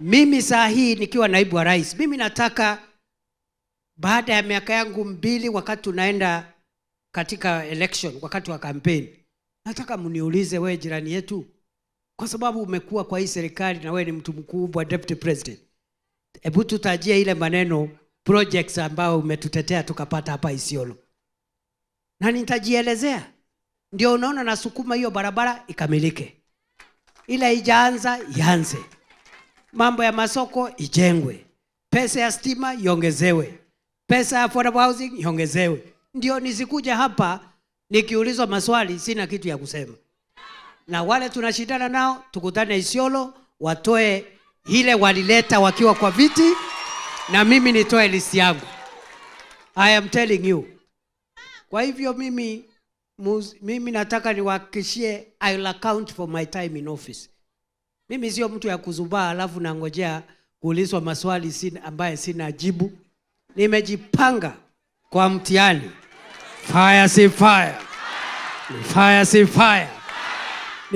Mimi saa hii nikiwa naibu wa rais, mimi nataka baada ya miaka yangu mbili, wakati tunaenda katika election, wakati wa kampeni, nataka mniulize, wewe jirani yetu, kwa sababu umekuwa kwa hii serikali na wewe ni mtu mkubwa, deputy president, hebu tutajie ile maneno projects ambayo umetutetea tukapata hapa Isiolo, na nitajielezea. Ndio unaona nasukuma hiyo barabara ikamilike, ila ijaanza ianze mambo ya masoko ijengwe, pesa ya stima iongezewe, pesa ya affordable housing iongezewe, ndio nisikuja hapa nikiulizwa maswali sina kitu ya kusema. Na wale tunashindana nao tukutane Isiolo, watoe ile walileta wakiwa kwa viti, na mimi nitoe listi yangu. I am telling you. Kwa hivyo mimi mimi nataka niwahakikishie I'll account for my time in office. Mimi sio mtu ya kuzubaa alafu nangojea kuulizwa maswali sin, ambaye sina jibu. Nimejipanga kwa mtihani. Fire si fire. Fire si fire.